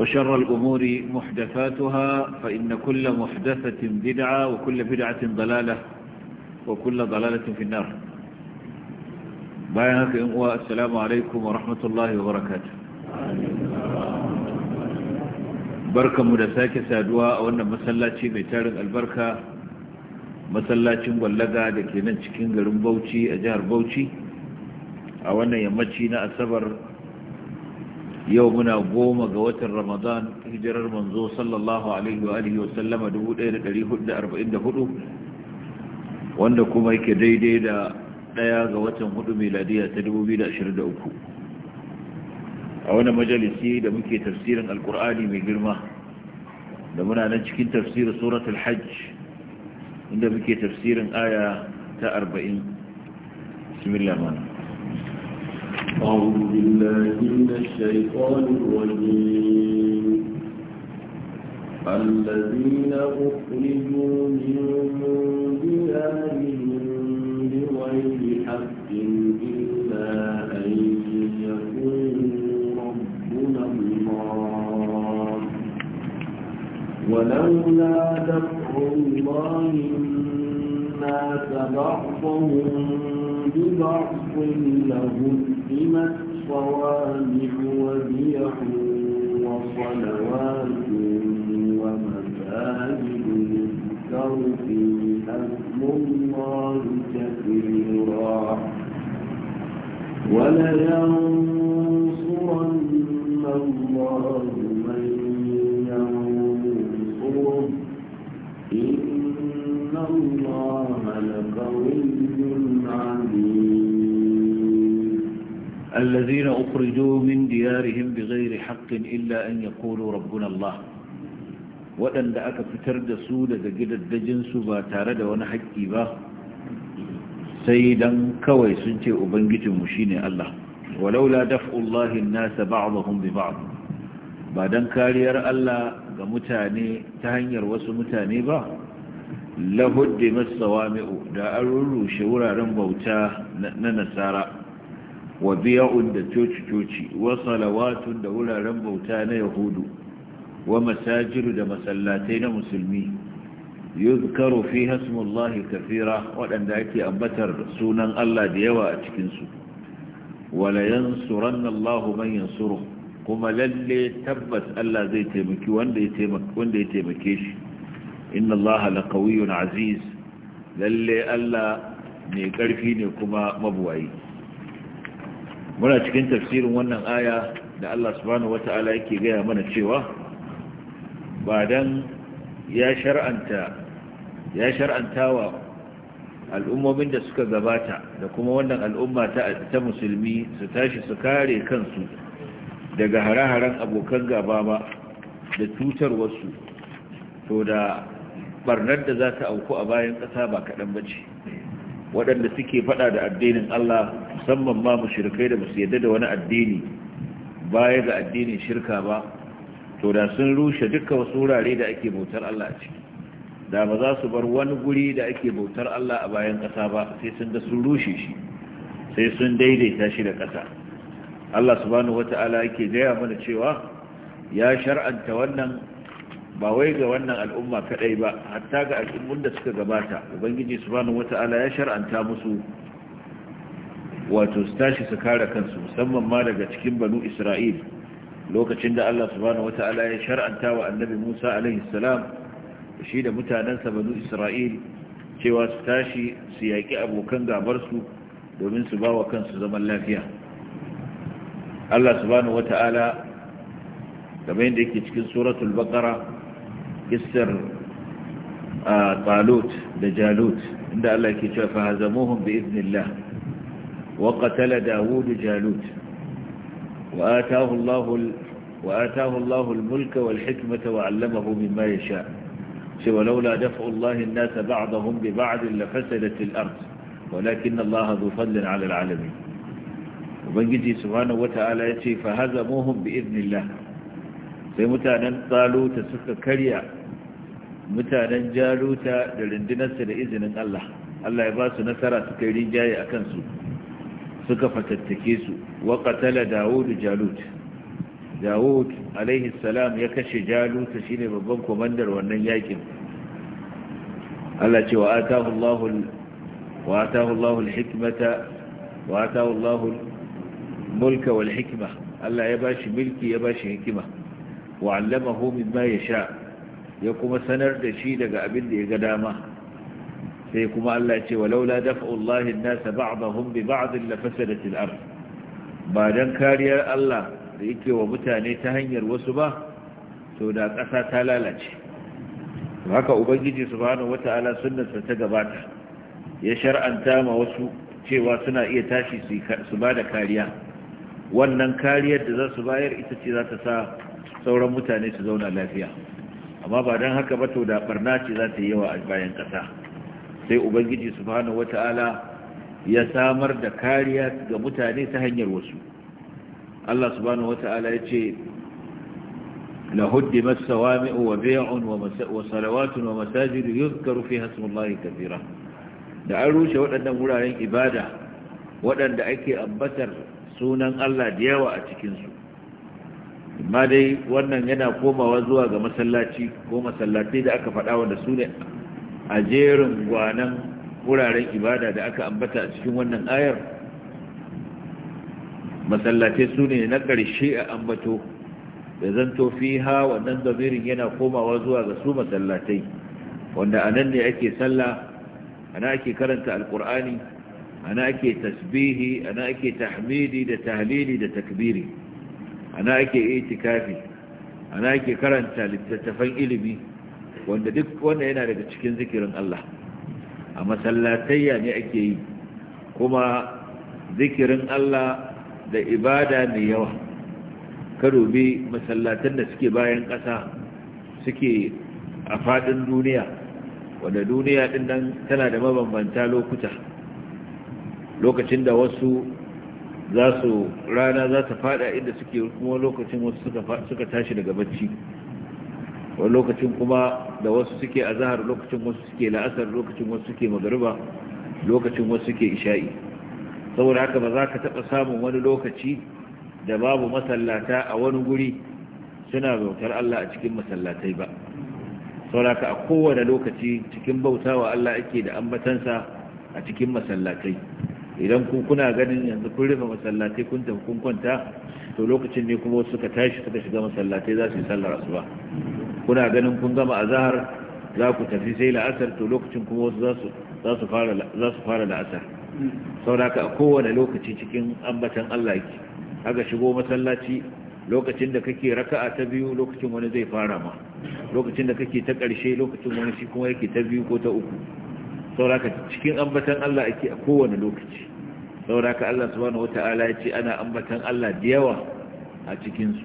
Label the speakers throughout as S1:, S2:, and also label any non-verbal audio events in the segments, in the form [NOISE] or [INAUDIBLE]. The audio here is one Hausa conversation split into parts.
S1: وشر الأمور محدثاتها فإن كل محدثة بدعة وكل بدعة ضلالة وكل ضلالة في النار بيانك إنقوى السلام عليكم ورحمة الله وبركاته بركة مدساك سادواء وأن مسلاتي ميتارن البركة مسلاتي مولغا لكي ننشكين غرم بوتي أجار بوتي أولا يمتشينا أسبر yau muna goma ga watan ramadan hijirar manzo sallallahu alaihi wa alihi wasallama 1444 wanda kuma yake daidai da daya ga watan hudu miladiya ta 2023 a wani majalisi da muke tafsirin alkur'ani mai girma da muna nan cikin tafsirin surat hajj inda muke tafsirin aya ta 40 bismillah
S2: أعوذ بالله من الشيطان الرجيم الذين أخرجوا من ديارهم بغير حق إلا أن يكونوا ربنا الله ولولا دفع الله الناس بعضهم ببعض لهم قدمت صوامع وبيح وصلوات ومساجد يذكر فيها اسم الله كثيرا ولينصرن الله من ينصره إن الله لقوي
S1: الذين أخرجوا من ديارهم بغير حق إلا أن يقولوا ربنا الله وأن دعك فتر دسودة قد الدجنس باتارد ونحكي با سيدا كوي سنتي أبنجت مشيني الله ولولا دفع الله الناس بعضهم ببعض بعدن كارير الله متاني تهنير وسو متاني با لهدمت صوامئ دا أرور شورا رنبوتا ننسارا wa biya'un da coci-coci wa salawatun da wuraren bauta na yahudu wa masajiru da masallatai na musulmi yuzkaru fi hasmullahi kafira waɗanda ake ambatar sunan Allah da yawa a cikinsu wala yansuranna Allahu man yansuru kuma lalle tabbas Allah zai taimaki wanda ya taimake shi inna Allah laqawiyyun aziz lalle Allah mai ƙarfi ne kuma mabuwayi muna cikin tafsirin wannan aya da Allah subhanahu wata'ala yake gaya mana cewa ba dan ya shar'anta wa al'ummomin da suka gabata da kuma wannan al'umma ta musulmi su tashi su kare kansu daga hare-haren abokan gaba ba da tutar wasu to da barnar da za ta auku a bayan ƙasa ba kaɗan ba ce waɗanda suke faɗa da addinin Allah musamman ma shirkai da basu yadda da wani addini baya ga addinin shirka ba to da sun rushe duka wasu wurare da ake bautar Allah a ciki da ba za su bar wani guri da ake bautar Allah a bayan ƙasa ba sai sun ga sun rushe shi sai sun daidaita shi da ƙasa Allah subhanahu wata'ala yake gaya mana cewa ya shar'anta wannan ba wai ga wannan al'umma kadai ba hatta ga al'ummun da suka gabata ubangiji subhanahu wata'ala ya shar'anta musu wato su tashi su kare kansu musamman ma daga cikin banu isra'il lokacin da Allah subhanahu wata'ala ya shar'anta wa annabi Musa alaihi salam shi da mutanansa banu isra'il cewa su tashi su yaƙi abokan gabarsu domin su ba wa kansu zaman lafiya Allah subhanahu wata'ala kamar yadda yake cikin suratul baqara kissar talut da jalut inda Allah ke cewa fa hazamuhum bi iznillah wa qatala daud jalut wa ataahu Allah wa ataahu Allah al-mulka wal hikmata wa 'allamahu mimma yasha cewa laula daf'u Allah an-nas ba'dahum bi ba'd la fasadat al-ard walakin Allah dhu fadlin 'ala al-'alamin ubangiji subhanahu wa ta'ala yace fa hazamuhum bi iznillah sai mutanen tsaluta suka karya mutanen jaruta da rundunarsa da izinin Allah Allah ya ba su nasara suka yi rinjaye a kansu suka fatattake su wa qatala dawud jalut dawud alaihi salam ya kashe shi shine babban komandar wannan yakin
S2: Allah ce wa atahu
S1: Allah wa hikmata wa atahu mulka wal hikima. Allah ya bashi mulki ya bashi hikima wa 'allamahu mimma yasha ya kuma sanar da shi daga abin da ya ga dama sai kuma Allah ya ce walaula dafa'ullahi an nasa ba'dahum bi ba'd la al-ard ba dan kariyar Allah da yake wa mutane ta hanyar wasu ba to da ƙasa ta lalace haka ubangiji subhanahu wata'ala sunnarsa ta gabata ya shar'anta ma wasu cewa suna iya tashi su bada kariya wannan kariyar da za su bayar ita ce za ta sa sauran mutane su zauna lafiya amma ba don haka ba to da barna ce za ta yi yawa a bayan ƙasa sai ubangiji subhanahu wata'ala ya samar da kariya ga mutane ta hanyar wasu Allah subhanahu wata'ala ya ce لهدمت سوامع wa وصلوات wa يذكر فيها rufe Hasmullahi كثيرا da an rushe waɗannan wuraren ibada waɗanda ake ambatar sunan Allah da yawa a cikinsu amma dai wannan yana komawa zuwa ga masallaci ko masallatai da aka faɗa wanda su ne a jerin gwanan wuraren ibada da aka ambata a cikin wannan ayar masallatai su ne na ƙarshe a ambato da zanto fi ha wannan zamirin yana komawa zuwa ga su masallatai wanda a nan ne ake sallah a nan ake karanta alƙur'ani a nan ake tasbihi a nan ake tahmidi da tahlili da takbiri ana ake itikafi ana ake karanta littattafan ilimi wanda duk wanda yana daga cikin zikirin Allah a masallatayya ne ake yi kuma zikirin Allah da ibada mai yawa karobe masallatan da suke bayan ƙasa suke a faɗin duniya wanda duniya ɗin nan tana da mabambanta lokuta lokacin da wasu za su rana za ta fada inda suke kuma lokacin wasu suka tashi daga bacci wani lokacin kuma da wasu suke a zahar lokacin wasu suke la'asar lokacin wasu suke magariba lokacin wasu suke isha'i saboda haka ba za ka taɓa samun wani lokaci da babu masallata a wani guri suna bautar Allah a cikin masallatai ba saboda haka a kowane lokaci cikin bautawa Allah ake da ambatansa a cikin masallatai idan ku kuna ganin yanzu kun rufe masallatai kun tafi kun kwanta to lokacin ne kuma suka tashi suka shiga masallatai za su yi sallar asuba kuna ganin kun gama azhar za ku tafi sai la'asar to lokacin kuma wasu za su fara za su fara la'asar sauraka a kowane lokaci cikin ambatan Allah yake haka shigo masallaci lokacin da kake raka'a ta biyu lokacin wani zai fara ma lokacin da kake ta ƙarshe lokacin wani shi kuma yake ta biyu ko ta uku sauraka cikin ambatan Allah ake a kowane lokaci saboda ka Allah subhanahu wata'ala ya ce ana ambatan Allah da yawa a cikinsu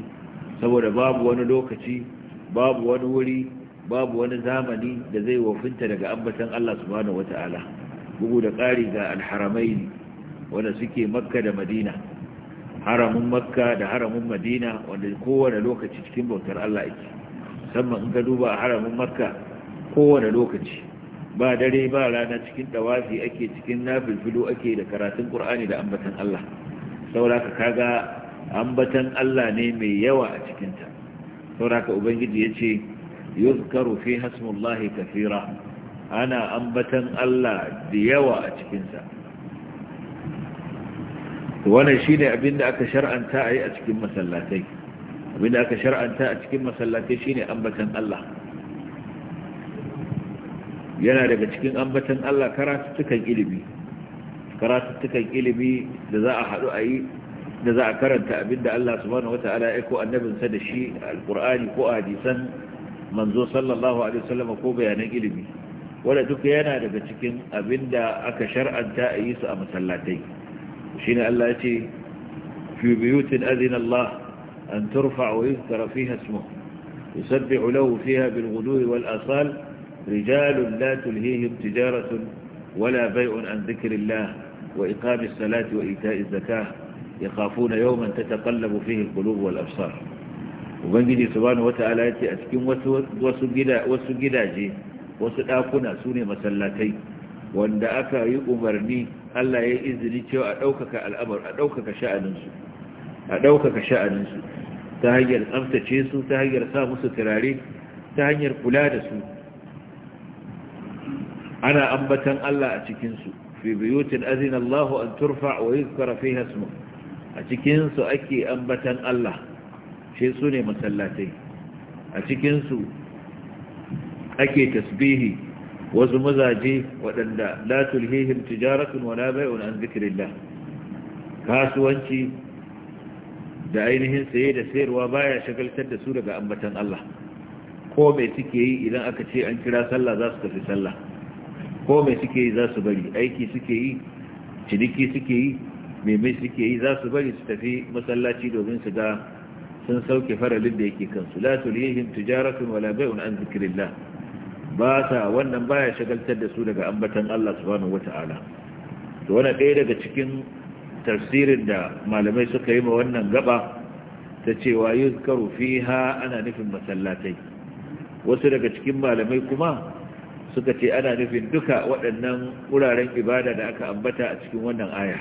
S1: saboda babu wani lokaci babu wani wuri babu wani zamani da zai wafinta daga ambatan Allah subhanahu wata'ala bugu da ƙari ga alharamai wanda suke makka da madina haramin makka da haramin madina wanda kowane lokaci cikin bautar Allah yake musamman in ka duba a haramin makka kowane lokaci ba dare ba rana cikin dawafi ake cikin na nafilfilo ake da karatun qur'ani da ambatan Allah sauraka kaga ambatan Allah ne mai yawa a cikinta. ta sauraka ubangiji ya yace yuzkaru fi hasmullahi kafira. ana ambatan Allah da yawa a cikinsa. sa shi ne abinda aka shar'anta a yi a cikin masallatai abinda aka shar'anta a cikin masallatai shi ne ambatan Allah yana daga cikin ambatan Allah karatuttukan ilimi karatuttukan ilimi da za a haɗu a yi da za a karanta abinda Allah subhanahu wata'ala ya ko annabinsa da shi alkur'ani ko hadisan manzo sallallahu alaihi wasallam ko bayanan ilimi wanda duk yana daga cikin abinda aka shar'anta a yi su a masallatai shine Allah ya ce fi buyutin azina Allah an turfa wa yuzkara fiha ismuhu yusabbihu lahu fiha bil ghudwi wal asal رجال لا تلهيهم تجارة ولا بيع عن ذكر الله وإقام الصلاة وإيتاء الزكاة يخافون يوما تتقلب فيه القلوب والأبصار وبنجد سبحانه وتعالى يتي أسكن وسجداجي وسداكنا سوني مسلاتي وأن أكا يؤمرني ألا يئذني تيو أدوكك الأمر أدوكك ننسو أدوكك تهجر تهير أمتشيسو تهجر ساموس تراري تهجر قلادسو ana ambatan Allah a cikinsu fi buyutin azina an turfa wa yuzkara a cikinsu ake ambatan Allah shi su ne masallatai a cikinsu ake tasbihi wasu mazaje waɗanda la tulhihim tijaratun wa la bai'un an zikrillah kasuwanci da ainihin saye da sayarwa baya shagaltar da su daga ambatan Allah ko mai suke yi idan aka ce an kira sallah za su tafi sallah ko suke yi za su bari aiki suke yi ciniki suke yi memai suke yi za su bari su tafi masallaci domin su ga sun sauke faralin da yake kansu la tulihim tijaratun wala bai'un an zikrillah ba sa wannan baya shagaltar da su daga ambatan Allah subhanahu wata'ala to wannan ɗaya daga cikin tafsirin da malamai suka yi ma wannan gaba ta cewa yuzkaru fiha ana nufin masallatai wasu daga cikin malamai kuma suka ce ana nufin duka waɗannan wuraren ibada da aka ambata a cikin wannan aya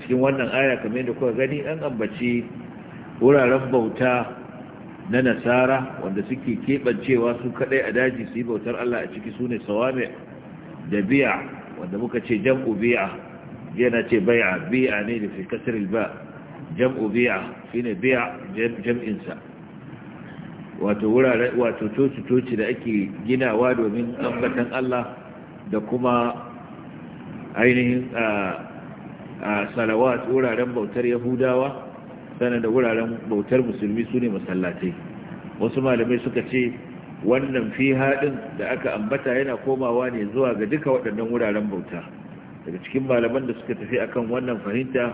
S1: cikin wannan aya kamar yadda kuka gani an ambaci wuraren bauta na nasara wanda suke keɓancewa su kaɗai a daji su yi bautar Allah a ciki su ne sawame da biya wanda muka ce jam'u biya yana ce bai'a biya ne da fi kasar ba jam'u biya shine biya jam'insa wato wurare wato coci-coci da ake ginawa domin ambatan Allah da kuma ainihin a salawat wuraren bautar yahudawa sannan da wuraren bautar musulmi su ne masallatai wasu malamai suka ce wannan fi haɗin da aka ambata yana komawa ne zuwa ga duka waɗannan wuraren bauta daga cikin malaman da suka tafi akan wannan fahimta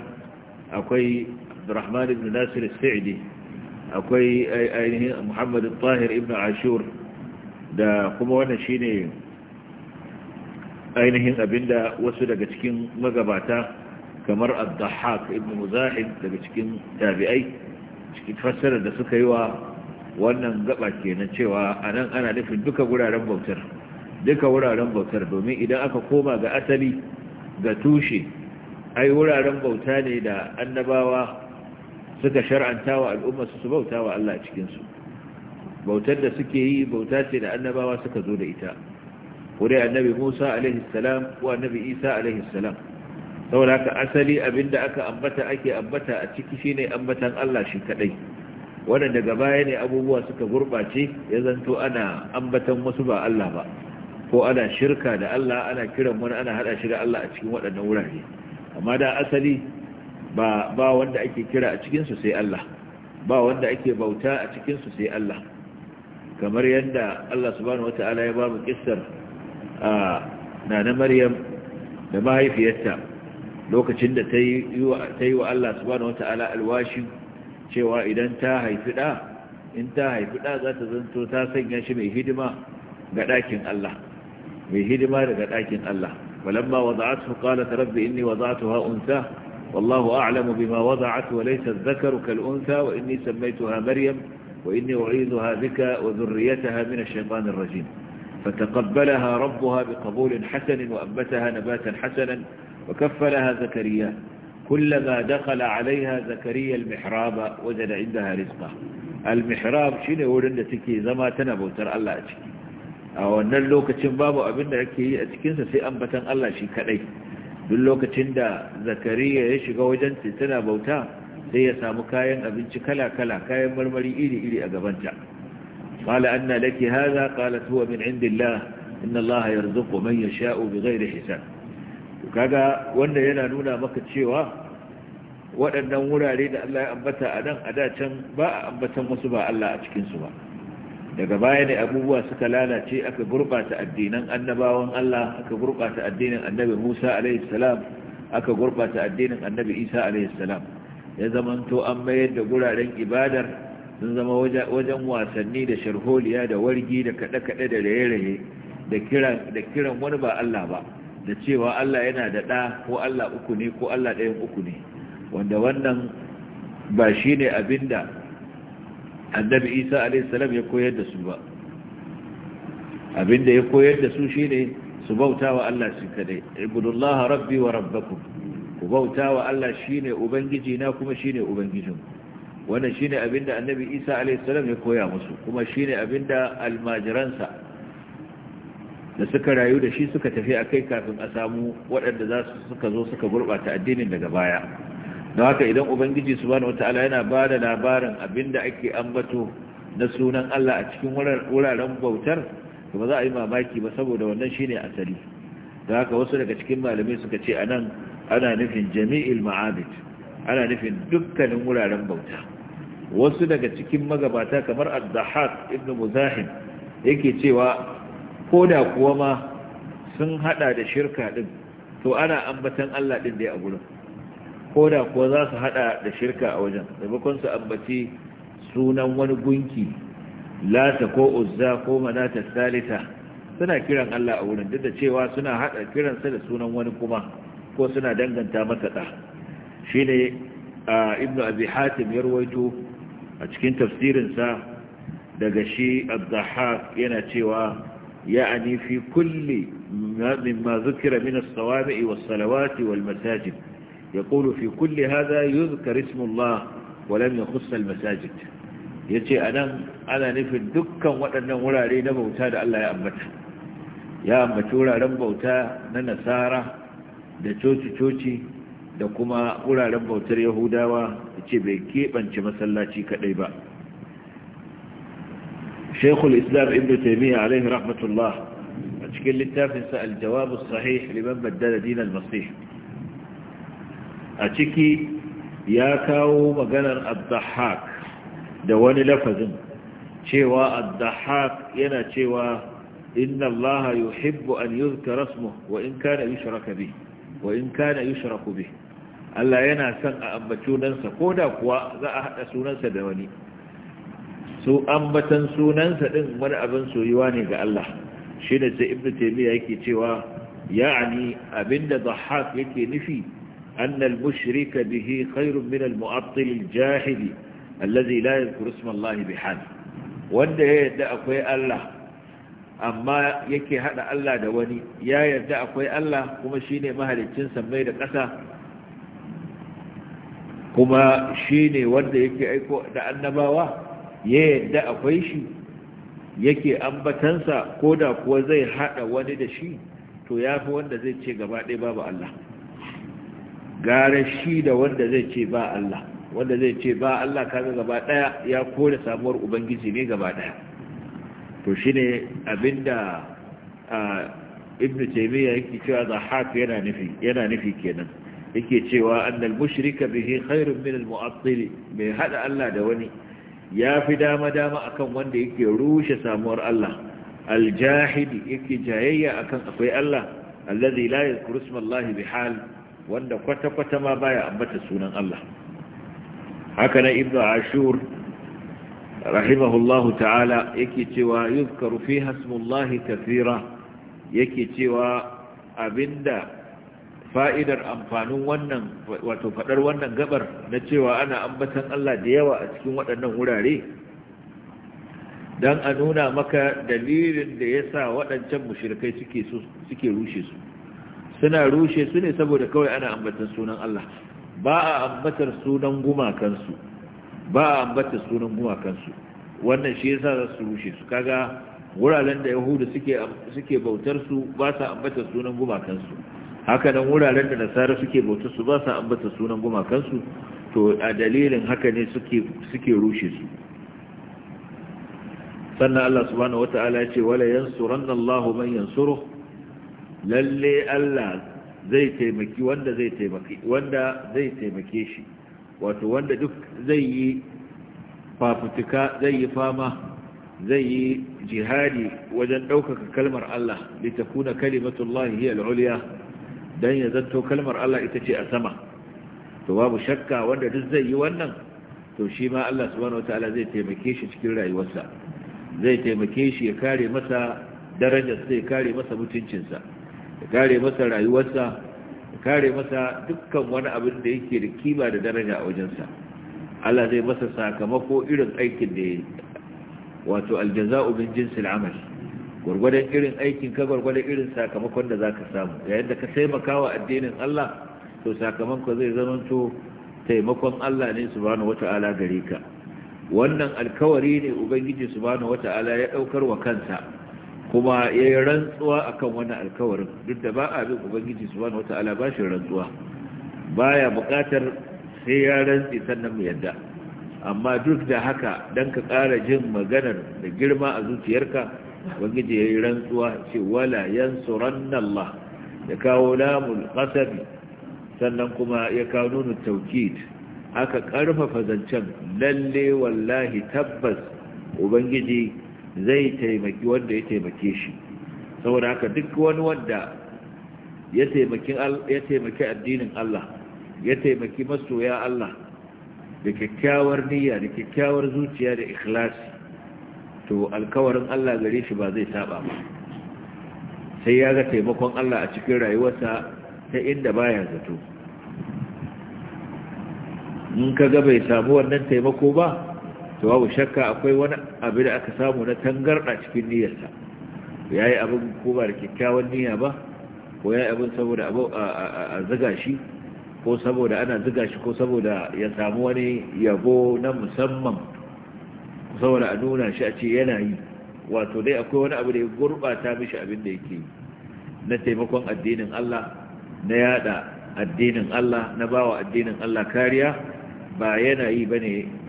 S1: akwai abdurrahman ibn nasir sa'idi akwai ainihin muhammad tahir ibn ashur da kuma wannan shine ainihin abinda wasu daga cikin magabata kamar al-dahhak ibn muzahid daga cikin tabi'ai cikin fassarar da suka yi wa wannan gaba kenan cewa anan ana nufin duka wuraren bautar duka wuraren bautar domin idan aka koma ga asali ga tushe ai wuraren bauta ne da annabawa suka shar'anta wa al'umma su bauta wa Allah a cikinsu bautar da suke yi bauta ce da annabawa suka zo da ita wuri annabi musa alaihi salam ko annabi isa alaihi salam saboda haka asali abinda aka ambata ake ambata a ciki shine ambatan Allah shi kadai wannan daga baya ne abubuwa suka gurbace ya zanto ana ambatan wasu ba Allah ba ko ana shirka da Allah ana kiran wani ana hada shi da Allah a cikin waɗannan wurare amma da asali ba ba wanda ake kira a cikin su sai Allah ba wanda ake bauta a cikin su sai Allah kamar yadda Allah subhanahu wata'ala ya ba mu kissar a na Maryam da mahaifiyarta lokacin da ta yi wa Allah subhanahu wata'ala alwashi cewa idan ta haifi da in ta haifi da za ta zanto ta sanya shi mai hidima ga ɗakin Allah mai hidima daga ɗakin Allah walamma wada'atu qalat rabbi inni wada'tuha unsa والله أعلم بما وضعت وليس الذكر كالأنثى وإني سميتها مريم وإني أعيذها بك وذريتها من الشيطان الرجيم فتقبلها ربها بقبول حسن وأنبتها نباتا حسنا وكفلها زكريا كلما دخل عليها زكريا المحراب وجد عندها رزقا المحراب شنو ورن da take zama tana bautar Allah a ciki a wannan lokacin babu abin da ake yi a cikin duk lokacin da zakariya ya shiga wajen tana bauta sai ya samu kayan abinci kala-kala kayan marmari iri-iri a gabanta qala anna laki hadha qalat huwa min indillah inna allaha yarzuqu man da bighayri hisab kaga wanda yana nuna maka cewa waɗannan wurare da Allah ya ambata a nan a da can ba a ambatan wasu ba Allah a cikin su ba daga baya ne abubuwa suka lalace aka gurɓata addinan annabawan Allah aka gurbata addinin annabi Musa alaihi salam aka gurbata addinin annabi Isa alaihi salam ya zamanto an mayar da guraren ibadar sun zama wajen wasanni da sharholiya da wargi da kaɗe-kaɗe da raye-raye da kiran wani ba Allah ba da cewa Allah yana da ɗa ko Allah uku ne ko Allah ɗayan uku ne wanda wannan ba shine abinda annabi isa alaihissalam ya koyar da su ba abinda ya koyar da su shine su bauta wa Allah shi kadai ibudullah rabbi wa rabbakum ku bauta wa Allah shine ubangiji na kuma shine ubangijin wannan shine abinda annabi isa alaihissalam ya koya musu kuma shine abinda almajiransa da suka rayu da shi suka tafi a kai kafin a samu waɗanda za su suka zo suka gurɓata addinin daga baya don haka idan ubangiji subhanahu wataala yana ba da labarin abinda ake ambato na sunan Allah a cikin wuraren bautar to ba za a yi mamaki ba saboda wannan shine asali don haka wasu daga cikin malamai suka ce anan ana nufin jami'il ma'abid ana nufin dukkanin wuraren bauta wasu daga cikin magabata kamar ad ibn muzahim yake cewa ko da kuwa ma sun hada da shirka din to ana ambatan Allah din da a gurin ko da kuwa za su hada da shirka a wajen maimakon su ambaci sunan wani gunki lata ko uzza ko manata salita suna kiran Allah a wurin duk da cewa suna hada kiransa da sunan wani kuma ko suna danganta masa da shine Ibn abi hatim ya rawaito a cikin tafsirinsa daga shi ad-dhahhak yana cewa ya'ani fi kulli mimma zukira min as-sawabi was-salawati wal-masajid Ya يقول في كل هذا يذكر اسم الله ولم يخص المساجد yace anan ana nufin dukkan waɗannan wurare na bauta da Allah ya ambata ya ambaci wuraren bauta na nasara da coci-coci da kuma wuraren bautar yahudawa da ce bai keɓance masallaci kaɗai ba shekul islam ibn taimiyya alaihi rahmatullah a cikin littafinsa aljawabus sahih liban baddala dinar Masih. a ciki ya kawo maganar addahak da wani lafazin cewa addahak yana cewa inna Allah yuhibbu an yuzkara ismuhu wa in kana yushraka bi wa in kana yushraku bi Allah yana son a ambaci sunansa koda kuwa za a hada sunansa da wani su ambatan sunansa din wani abin soyuwa ne ga Allah shi ta sai ibnu taymiya yake cewa ya'ani abinda dhahhak yake nufi أن المشرك به خير من المؤطل الجاحد الذي لا wanda ya yadda akwai Allah amma yake haɗa Allah da wani ya yarda akwai Allah kuma shine mahalicin sammai da ƙasa kuma shine wanda yake aiko da annabawa ya yadda akwai shi yake ambatansa ko da kuwa zai haɗa wani da shi to yafi wanda zai ce gaba ɗaya babu Allah gara shi da wanda zai ce ba Allah wanda zai ce ba Allah kaga gaba daya ya kore samuwar ubangiji ne gaba daya to shine abinda ibnu taymiya yake cewa zahaq yana nufi yana nufi kenan yake cewa annal mushrika bihi khairun min al mu'attil bai hada Allah da wani ya fi dama dama akan wanda yake rushe samuwar Allah al jahidi yake jayayya akan akwai Allah alladhi la yadhkuru isma wanda kwata-kwata ma baya ambata sunan Allah haka na ibnu ashur rahimahullahu ta'ala yake cewa yuzkaru fi hasmullahi kathira yake cewa abinda fa'idar amfanin wannan wato fadar wannan gabar na cewa ana ambatan Allah da yawa a cikin waɗannan wurare dan a nuna maka dalilin da yasa waɗancan mushrikai suke suke rushe su suna rushe su ne saboda kawai ana ambatar sunan Allah ba a ambatar sunan gumakansu ba a ambatar sunan gumakansu wannan shi yasa za su rushe su kaga wuraren da yahudu suke suke bautar su ba sa ambatar sunan gumakansu haka nan wuraren da nasara suke bautar su ba sa ambatar sunan gumakansu to a dalilin haka ne suke suke rushe su sannan Allah subhanahu wataala ya ce wala yansuranna Allahu man yansuruhu lalle Allah zai taimaki wanda zai taimaki wanda zai taimake shi wato wanda duk zai yi fafutuka zai yi fama zai yi jihadi wajen ɗaukaka kalmar Allah litakuna kalimatullahi hiya al-ulya dan ya zanto kalmar Allah ita ce a sama to babu shakka wanda duk zai yi wannan to shi ma Allah subhanahu wataala zai taimake shi cikin rayuwarsa zai taimake shi ya kare masa darajarsa ya kare masa mutuncinsa da kare masa rayuwarsa da kare masa dukkan wani abin da yake da kima da daraja a wajensa Allah zai masa sakamako irin aikin da ya yi wato aljaza'u min jinsil amal gwargwadon irin aikin ka gwargwadon irin sakamakon da zaka samu yayin da ka taimakawa addinin Allah to sakamakon zai to taimakon Allah ne subhanahu wata'ala gare ka wannan alkawari ne ubangiji subhanahu wata'ala ya daukar wa kansa kuma ya yi rantsuwa a kan wani alkawarin duk da ba a bin ubangiji su wani wata'ala ba shi rantsuwa ba ya bukatar sai ya rantsi sannan mu yadda amma duk da haka don ka ƙara jin maganar da girma a zuciyarka ubangiji ya yi rantsuwa ce wala yan tsoron Allah Ya kawo lamun ƙasar sannan kuma ya kawo nuna taukid aka ƙarfafa zancen lalle wallahi tabbas ubangiji zai taimaki wanda ya taimake shi saboda haka duk wani wanda ya taimaki addinin Allah ya taimaki masoya Allah da kyakkyawar niyya da kyakkyawar zuciya da ikhlasi to alkawarin Allah gare shi ba zai saba ba sai ya ga taimakon Allah a cikin rayuwarsa ta inda baya zato in ka ga bai samu wannan taimako ba to babu shakka akwai wani abu da aka samu na tangarda cikin niyyarsa ya yi abin ko ba da kyakkyawan niyya ba ko ya yi abin saboda abu a ziga shi ko saboda ana ziga shi ko saboda ya samu wani yabo na musamman saboda a nuna shi a ce yana yi wato dai akwai wani abu da ya gurɓata mishi abin da yake na taimakon addinin Allah na yada addinin Allah na bawa addinin Allah kariya ba yana yi bane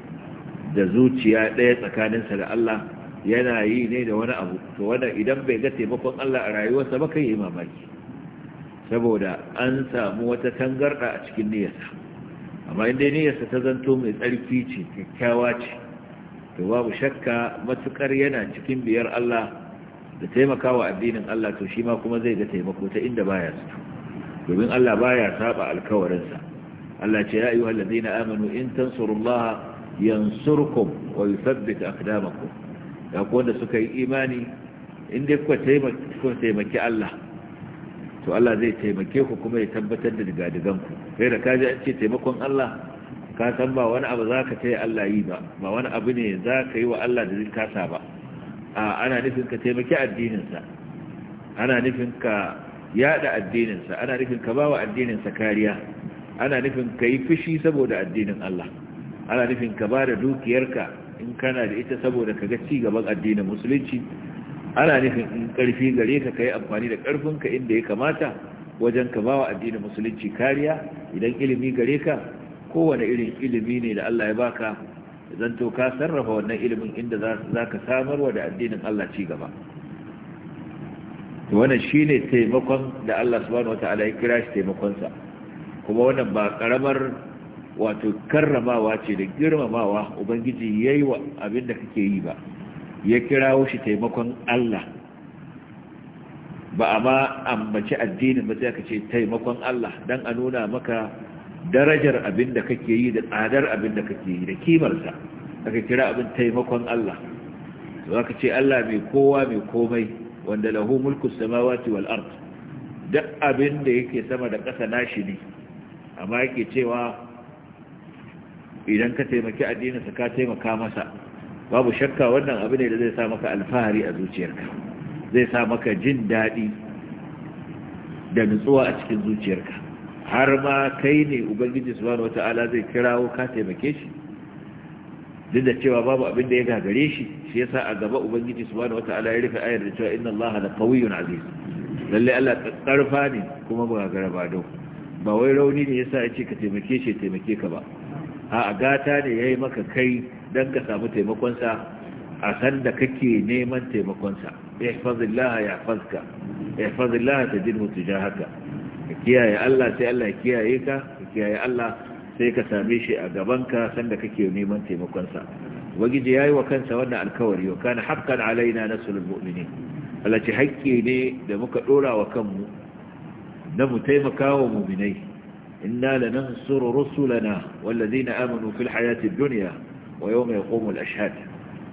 S1: da zuciya ɗaya tsakaninsa da Allah yana yi ne da wani abu to wanda idan bai ga taimakon Allah a rayuwarsa ba kai yi mamaki saboda an samu wata tangarda a cikin niyyarsa amma inda niyyarsa ta zanto mai tsarki ce kyakkyawa ce to babu shakka matukar yana cikin biyar Allah da taimakawa addinin Allah to shi ma kuma zai ga taimako ta inda baya su domin Allah baya saba alkawarinsa Allah ce ya ayyuhal ladina amanu in tansurullaha yansurkum wa yuthabbit aqdamakum ya ku wanda suka yi imani in dai kuka taimaki Allah to Allah zai taimake ku kuma ya tabbatar da digadigan ku sai da kaji an ce taimakon Allah ka san ba wani abu zaka taya Allah yi ba ba wani abu ne zaka yi wa Allah da zinka kasa ba a ana nufin ka taimaki addinin sa ana nufin ka yada addinin sa ana nufin ka bawa addinin sa kariya ana nufin ka yi fushi saboda addinin Allah ana nufin ka ba da dukiyarka in kana da ita saboda ka ga ci gaban addinin musulunci ana nufin in karfi gare ka yi amfani da karfinka inda ya kamata wajen ka bawa addinin musulunci kariya idan ilimi gare ka kowane irin ilimi ne da Allah ya baka zanto ka sarrafa wannan ilimin inda za ka samarwa da addinin Allah ci gaba wannan shi ne taimakon da Allah subhanahu wata'ala ya kira shi taimakonsa kuma wannan ba karamar wato karramawa ce da girmamawa ubangiji yayi wa abin da kake yi ba ya kirawo shi taimakon Allah ba a ma ambaci addinin ba sai ka ce taimakon Allah dan a nuna maka darajar abin da kake yi da tsadar abin da kake yi da kimarsa aka kira abin taimakon Allah to ka ce Allah mai kowa mai komai wanda lahu mulku samawati wal ard duk abin da yake sama da ƙasa nashi ne amma yake cewa idan ka taimaki addininsa ka taimaka masa babu shakka wannan abu ne da zai sa maka alfahari a zuciyarka zai sa maka jin daɗi da nutsuwa a cikin zuciyarka har ma kai ne ubangiji subhanahu wata'ala zai kirawo ka taimake shi duk da cewa babu abin da ya gagare shi shi yasa a gaba ubangiji subhanahu wata'ala ya rufe ayar da cewa inna allaha la qawiyyun aziz lalle Allah tsarfa ne kuma ba gagara ba dau ba wai rauni ne yasa yace ka taimake shi taimake ka ba a gata ne ya yi maka kai don ka samu taimakonsa a san da kake neman taimakonsa ya ya fazka ya ta jin mutu ja haka ka kiyaye Allah sai Allah ya kiyaye ka ka kiyaye Allah sai ka same shi a gabanka san da kake neman taimakonsa ya yayi wa kansa wannan alkawari wa kana alaina nasrul mu'minin Allah ce hakki ne da muka ɗora wa kanmu na mu taimaka wa mu'minai Inna da إنا لننصر رسلنا والذين آمنوا في الحياة الدنيا ويوم يقوم الأشهاد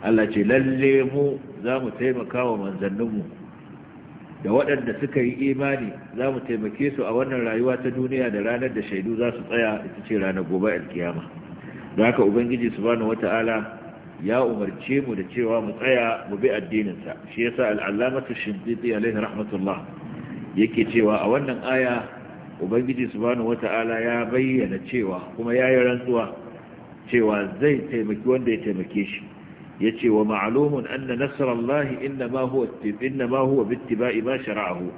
S1: التي للم زام taimakawa ومن mu. da waɗanda suka yi imani za mu taimake su a wannan rayuwa ta duniya da ranar da shaidu za su tsaya ita ce ranar gobe alkiyama da haka ubangiji subhanahu wata'ala ya umarce mu da cewa mu tsaya mu bi addininsa shi yasa al'allamatu shintiti alaihi rahmatullah yake cewa a wannan aya ubangiji subhanahu wata'ala ya bayyana cewa kuma ya yi rantsuwa cewa zai taimaki wanda ya taimake shi ya ce wa ma'alumun anna nasarallahi inna ma huwa bittiba'i ma shara'ahu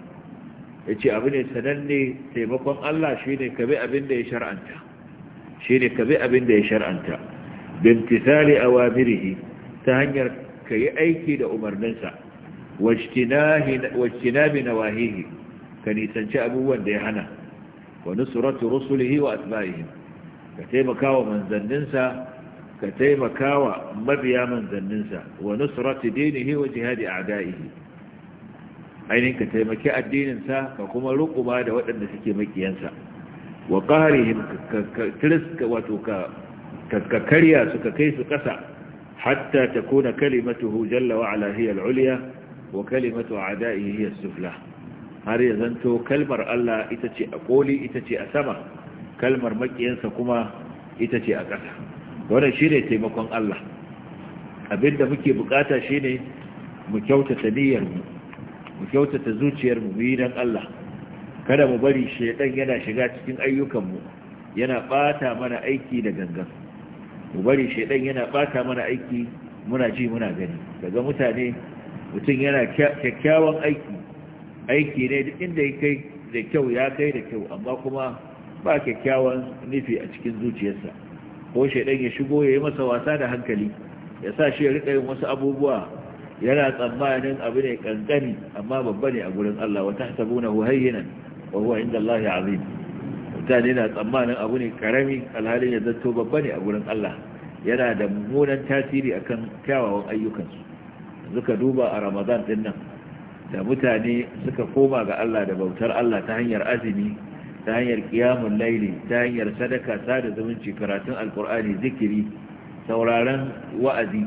S1: ya ce abu ne sananne taimakon Allah shi kabe abin da ya shar'anta shi ne kabe abin da ya shar'anta awamirihi ta hanyar ka yi aiki da umarninsa wajtinabi nawahihi ka nisanci abubuwan da ya hana wa nusratu rusulihi wa atba'ihim ka taimaka wa manzanninsa ka taimaka wa mabiya manzanninsa wa nusratu dinihi wa jihadi a'da'ihi ainihin ka taimaki addininsa ka kuma rukuma da waɗanda suke makiyansa wa qahrihim ka wato ka ka karya suka kai su ƙasa hatta takuna kalimatuhu jalla wa ala hiya al-ulya wa kalimatu a'da'ihi hiya as-sufla har ya zanto kalmar Allah ita ce a koli ita ce a sama kalmar makiyansa kuma ita ce a ƙasa wannan shine taimakon Allah abinda muke bukata shine mu kyautata niyyar mu kyautata zuciyar mu yi dan Allah kada mu bari shedan yana shiga cikin ayyukan mu yana bata mana aiki da gangan mu bari shedan yana bata mana aiki muna ji muna gani daga mutane mutum yana kyakkyawan aiki aiki ne duk inda ya kai da kyau ya kai da kyau amma kuma ba kyakkyawan nufi a cikin zuciyarsa ko shaidan ya shigo ya yi masa wasa da hankali ya sa shi ya riƙa yin wasu abubuwa yana tsammanin abu ne kankani amma babba ne a gurin Allah wata tahsabunahu hayyinan wa huwa inda Allah azim mutane na tsammanin abu ne ƙarami alhalin ya zato babba ne a gurin Allah yana da mummunan tasiri akan kyawawan ayyukansu yanzu ka duba a Ramadan din nan da mutane suka koma ga Allah da bautar Allah ta hanyar azumi ta hanyar kiyamun laili ta hanyar sadaka sada zumunci karatun alkur'ani zikiri sauraron wa'azi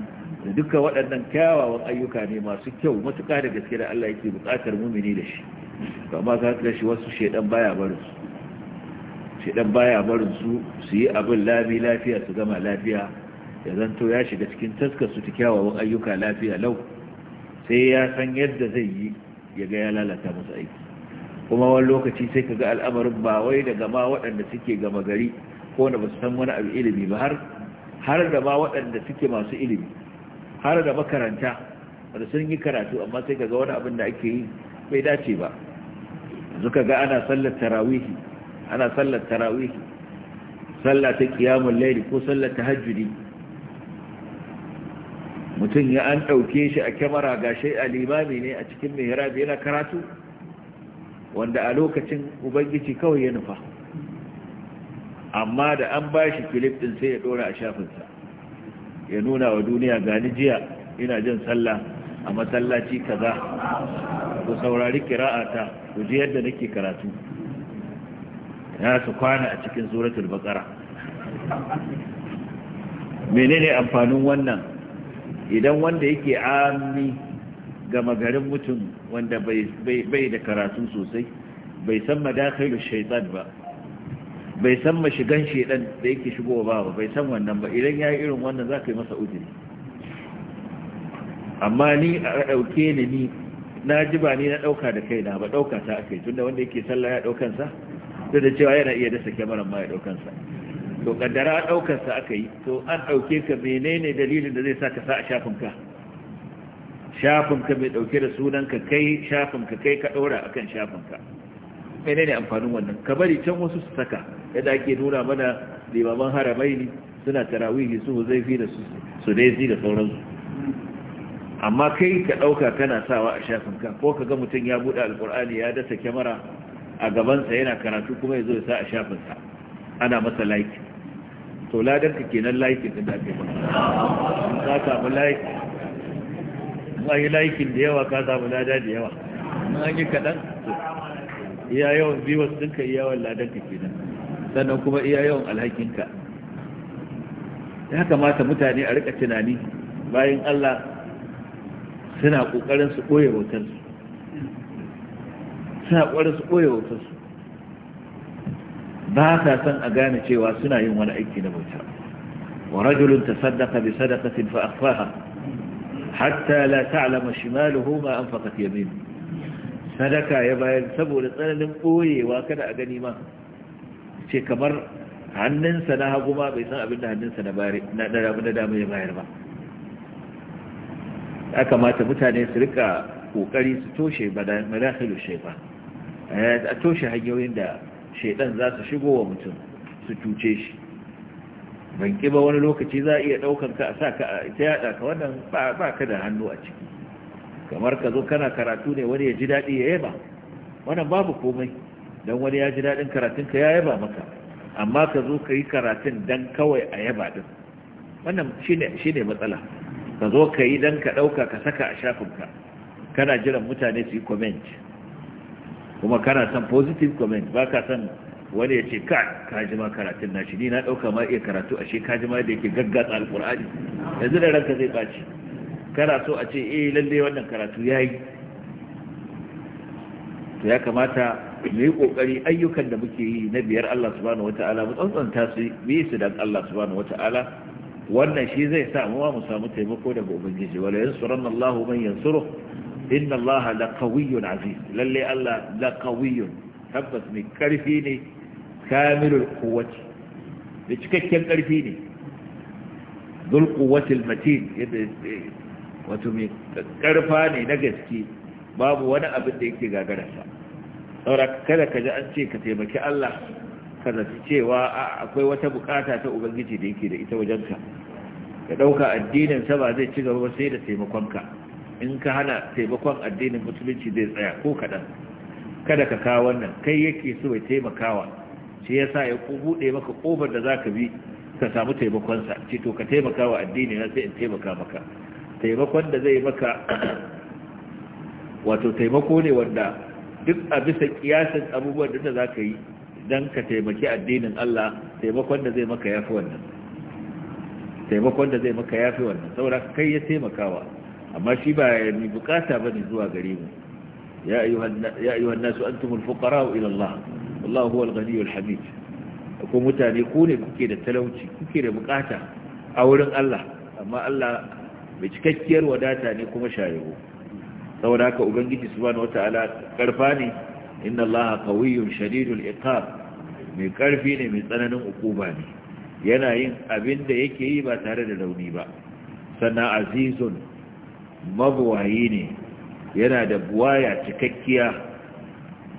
S1: da duka waɗannan kyawawan ayyuka ne masu kyau matuƙa da gaske da Allah yake buƙatar mumini da shi amma ka ga shi wasu shedan baya barin su shedan baya barin su su yi abin labi lafiya su gama lafiya ya zanto ya shiga cikin taskar su ta kyawawan ayyuka lafiya lau sai ya san yadda zai yi ya ga ya lalata musu aiki kuma wani lokaci sai ka ga al'amarin ba wai daga ma waɗanda suke gama gari ko da ba su san wani abu ilimi ba har har da ma waɗanda suke masu ilimi har da makaranta wanda sun yi karatu amma sai ka ga wani abin da ake yi bai dace ba zuka ga ana sallar tarawihi ana sallar tarawihi sallar ta kiyamun layl ko sallar tahajjudi mutum ya an ɗauke shi a kyamara ga shai a limami ne a cikin mihrabi yana karatu wanda a lokacin ubangiji kawai ya nufa amma da an ba shi filip ɗin sai ya ɗora a shafinsa ya nuna wa duniya gani jiya ina jin sallah a masallaci kaza ku saurari kira'ata ku ji yadda nake karatu ya su kwana a cikin suratul bakara menene amfanin wannan idan wanda yake ami ga magarin mutum wanda bai da karatu sosai bai san madakhilu shaitan ba bai san mashigan shaitan da yake shigo ba bai san wannan ba idan ya irin wannan za ka yi masa uzuri amma ni a ɗauke ni ni na ji ba ni na ɗauka da kai na ba ɗauka ta akai tunda wanda yake sallah ya ɗaukansa duk da cewa yana iya dasa kyamarar ma ya ɗaukansa to kaddara daukar sa aka yi to an dauke ka menene dalilin da zai sa ka sa a shafin ka shafin ka mai dauke da sunan ka kai shafin ka kai ka daura akan shafin ka menene amfanin wannan ka bari can wasu su saka yadda ake nuna mana limaman haramaini suna tarawihi su zai fi da su su daisi da sauransu amma kai ka ɗauka kana sawa a shafin ka ko ka ga mutum ya buɗe alƙur'ani ya dasa kyamara a gabansa yana karatu kuma ya zo ya sa a shafinsa ana masa like. to ladan ka kenan laifin din da kai ba ka samu laifin ba yi laifin da yawa ka samu lada da yawa na yi kaɗan iya yawan biwas ɗinka iya yawan ladan ka kenan sannan kuma iya yawan alhakinka ya kamata mutane a rika tunani bayan Allah suna kokarin su ɓoye wautarsu suna kokarin su ɓoye wautarsu ba sa san a gane cewa suna yin wani aiki na bauta wa rajulun tasaddaqa bi sadaqatin fa akhfaha hatta la ta'lama shimaluhu ma anfaqat yaminuhu sadaka ya bayar saboda tsananin boyewa kada a gani ma ce kamar hannunsa na hagu ma bai san abin da hannunsa na na dama ya bayar ba ya kamata mutane su rika kokari su toshe madakhilu shaytan eh, a toshe hanyoyin da shaidan za su shigo wa mutum su cuce shi ban ƙiba wani lokaci za a iya ɗaukar ka a sa ka a ita yaɗa ka wannan ba ka da hannu a ciki kamar ka zo kana karatu ne wani ya ji daɗi ya yaba wannan babu komai don wani ya ji daɗin karatun ka ya yaba maka amma ka zo ka yi karatun don kawai a yaba ɗin wannan shi ne matsala ka zo ka yi don ka ɗauka ka saka a shafinka kana jiran mutane su yi comment kuma kana son positive comment ba ka son wani ya ce ka kaji ma karatun nashi ni na ɗauka ma iya karatu ashe kaji ma da yake gaggata alƙur'ani yanzu da ranka zai ɓaci kana so a ce eh lalle wannan karatu ya yi to ya kamata mu yi ƙoƙari ayyukan da muke yi na biyar Allah subhanahu wata'ala mu tsantsanta su bi su dan Allah subhanahu wata'ala wannan shi zai sa mu mu samu taimako daga ubangiji wala yansuranna Allahu man yansuruh inna allaha laqawiyyun aziz lalle allah laqawiyyun tabbas mai karfi ne kamilul quwwati da cikakken karfi ne dhul quwwati matin yadda eh, wato mai karfa ne na gaske babu wani abin da yake gagararsa saboda kada ka ji an ce ka taimaki Allah kada su cewa akwai wata bukata ta ubangiji da yake da ita wajenka ka ɗauka addinin sa ba zai ci gaba sai da taimakonka in ka hana taimakon addinin musulunci zai tsaya ko kaɗan kada ka kawo wannan kai yake so ya taimakawa shi yasa ya buɗe maka ƙofar da za ka bi ka samu taimakonsa ce to ka taimaka wa addini na sai in taimaka maka taimakon da zai maka wato taimako ne wanda duk a bisa kiyasin abubuwan da za ka yi don ka taimaki addinin Allah taimakon da zai maka yafi wannan taimakon da zai maka yafi wannan saboda kai ya taimakawa amma shi ba yi bukata bane zuwa gare mu ya ayyuhan nasu antumul fuqara'u ila Allah al huwal wal hamid ko mutane ku ne kuke da talauci kuke da bukata a wurin Allah amma Allah mai cikakkiyar wadata ne kuma shayewo saboda haka ubangiji subhanahu wataala karfa ne inna Allah qawiyyun shadidul iqab mai karfi ne mai tsananin ukuba ne yana yin abin da yake yi ba tare da rauni ba sannan azizun mabuwayi ne yana da buwaya cikakkiya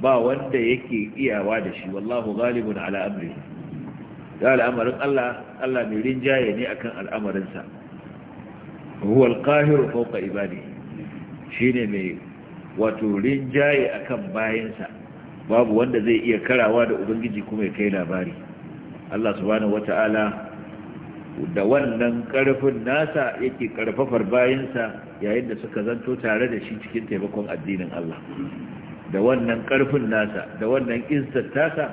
S1: ba wanda yake iyawa da shi wallahu ghalibun ala amri da al'amarin Allah Allah mai rinjaye ne akan al'amarinsa huwa al-qahir fawqa ibadi shine mai wato rinjaye akan bayansa babu wanda zai iya karawa da ubangiji kuma ya kai labari Allah subhanahu wata'ala da wannan karfin nasa yake karfafar bayansa yayin da suka zanto tare da shi cikin taimakon addinin Allah da wannan karfin nasa da wannan izzar tasa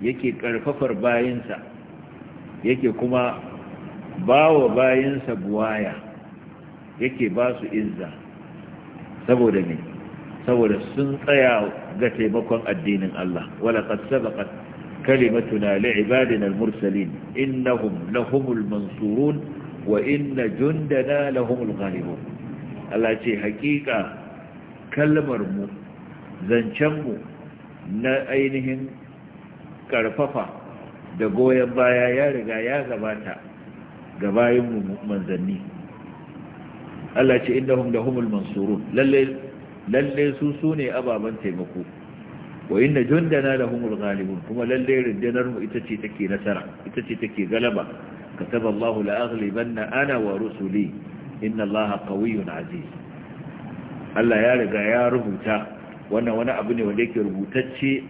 S1: yake karfafar bayinsa yake kuma bawa bayinsa buwaya yake ba su izza saboda ne saboda sun tsaya ga taimakon addinin Allah wala qad kalimatuna li'ibadina al-mursalin innahum lahumul mansurun wa inna jundana lahumul ghalibun Allah ce hakika kalmar mu zancen mu na ainihin karfafa da goyon baya ya riga ya gabata ga bayin manzanni Allah ce innahum humul mansurun lalle lalle su sune ababen taimako wa inna jundana lahumul ghalibun kuma lalle rindinar mu ita ce take nasara ita ce take galaba كتب الله ana wa ورسلي inna allaha qawiyyun aziz Allah ya riga ya rubuta wannan wani abu ne wanda yake rubutacce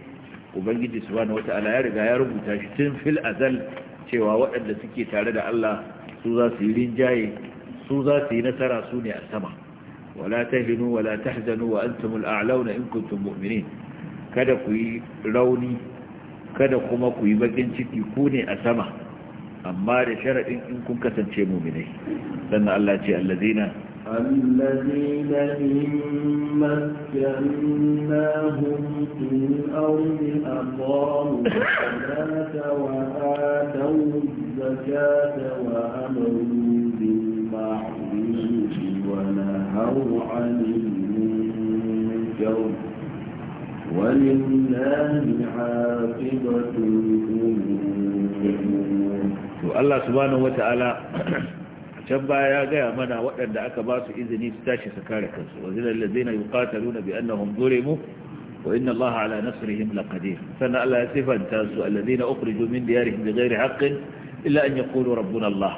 S1: ubangiji subhanahu wata'ala ya riga ya rubuta shi tun fil azal cewa waɗanda suke tare da Allah su za su yi rinjaye su za su yi nasara su ne a sama wala tahinu wala tahzanu wa antumul a'launa in kuntum mu'minin kada ku yi rauni kada kuma ku yi bakin ciki ku ne a sama أما da sharaɗin in kun kasance muminai sannan Allah ce الذين
S2: إن مكناهم في الأرض أقاموا الصلاة وآتوا الزكاة وأمروا بالمعروف ونهوا عن المنكر ولله عاقبة الأمور
S1: to Allah subhanahu wata'ala [CLEARS THROAT] can baya ya gaya mana waɗanda aka ba su izini su tashi su kare kansu wa zilal ladzina yuqataluna bi annahum mu. wa inna Allah ala nasrihim laqadir sannan Allah ya sifanta su alladhina ukhriju min diyarihim bighairi haqqin illa an yaqulu rabbuna Allah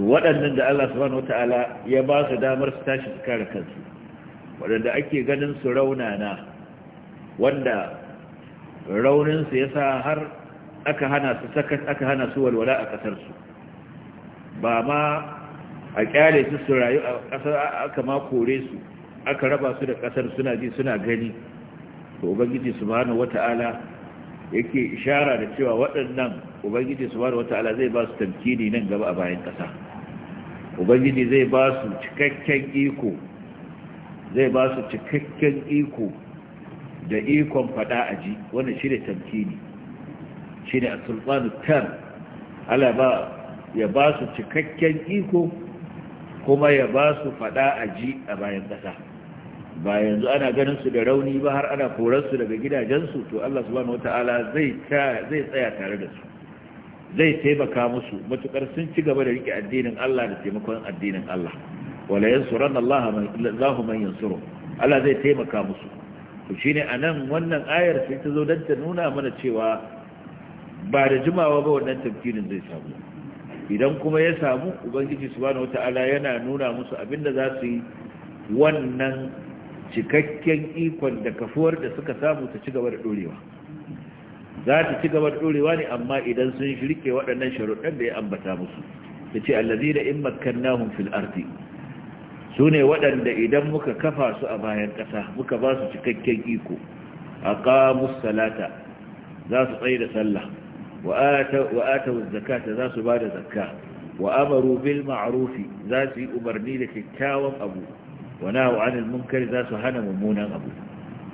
S1: to waɗannan da Allah subhanahu wata'ala ya ba su damar su tashi su kare kansu waɗanda ake ganin su raunana wanda rauninsu ya sa har aka hana su sakat aka hana su walwala a kasar su ba ma a kyale su su rayu a kasar aka ma kore su aka raba su da kasar suna ji suna gani to ubangiji subhanahu wata'ala yake ishara da cewa waɗannan ubangiji subhanahu wata'ala zai ba su tamkini nan gaba a bayan kasa ubangiji zai ba su cikakken iko zai ba su cikakken iko da ikon fada aji wannan shi ne tamkini shi ne a sultanu tam ala ya ba su cikakken iko kuma ya ba su fada a ji a bayan ƙasa ba yanzu ana ganin su da rauni ba har ana korarsu daga gidajensu to Allah subhanahu ta'ala zai tsaya tare da su zai taimaka musu matukar sun ci gaba da rike addinin Allah da taimakon addinin Allah wala yansuranna Allah man yansuru Allah zai taimaka musu to shine anan wannan ayar sai ta zo don ta nuna mana cewa ba da jimawa ba wannan tafkirin zai samu idan kuma ya samu ubangiji subhanahu wata'ala yana nuna musu abinda za su yi wannan cikakken ikon da kafuwar da suka samu ta ci gaba da dorewa za ta ci gaba da dorewa ne amma idan sun shirke waɗannan sharuɗan da ya ambata musu ta ce allazi da in makkannahum fil ardi su ne waɗanda idan muka kafa su a bayan ƙasa muka ba su cikakken iko a salata za su tsaye da sallah wa ata wa zakata za su bada zakka wa bil ma'rufi za su yi umarni da kikkiawan abu wa nahu anil munkari za su hana mummunan abu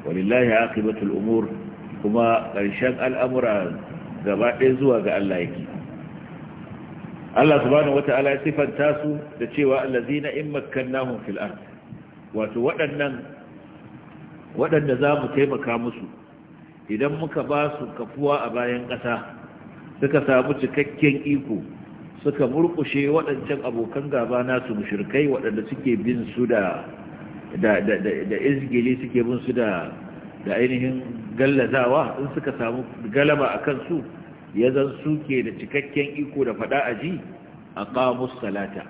S1: walillahi aqibatul umur kuma karshen al'amura gaba ɗaya zuwa ga Allah yake Allah subhanahu wata'ala ya sifanta su da cewa allazina in makkannahum fil ard wato waɗannan waɗanda za mu taimaka musu idan muka ba su kafuwa a bayan ƙasa suka samu cikakken iko suka murkushe waɗancan abokan gaba nasu mushrikai waɗanda suke bin su da da da izgili suke bin su da ainihin gallazawa in suka samu galaba a kansu ya zan suke da cikakken iko da fada ji a ƙamus salata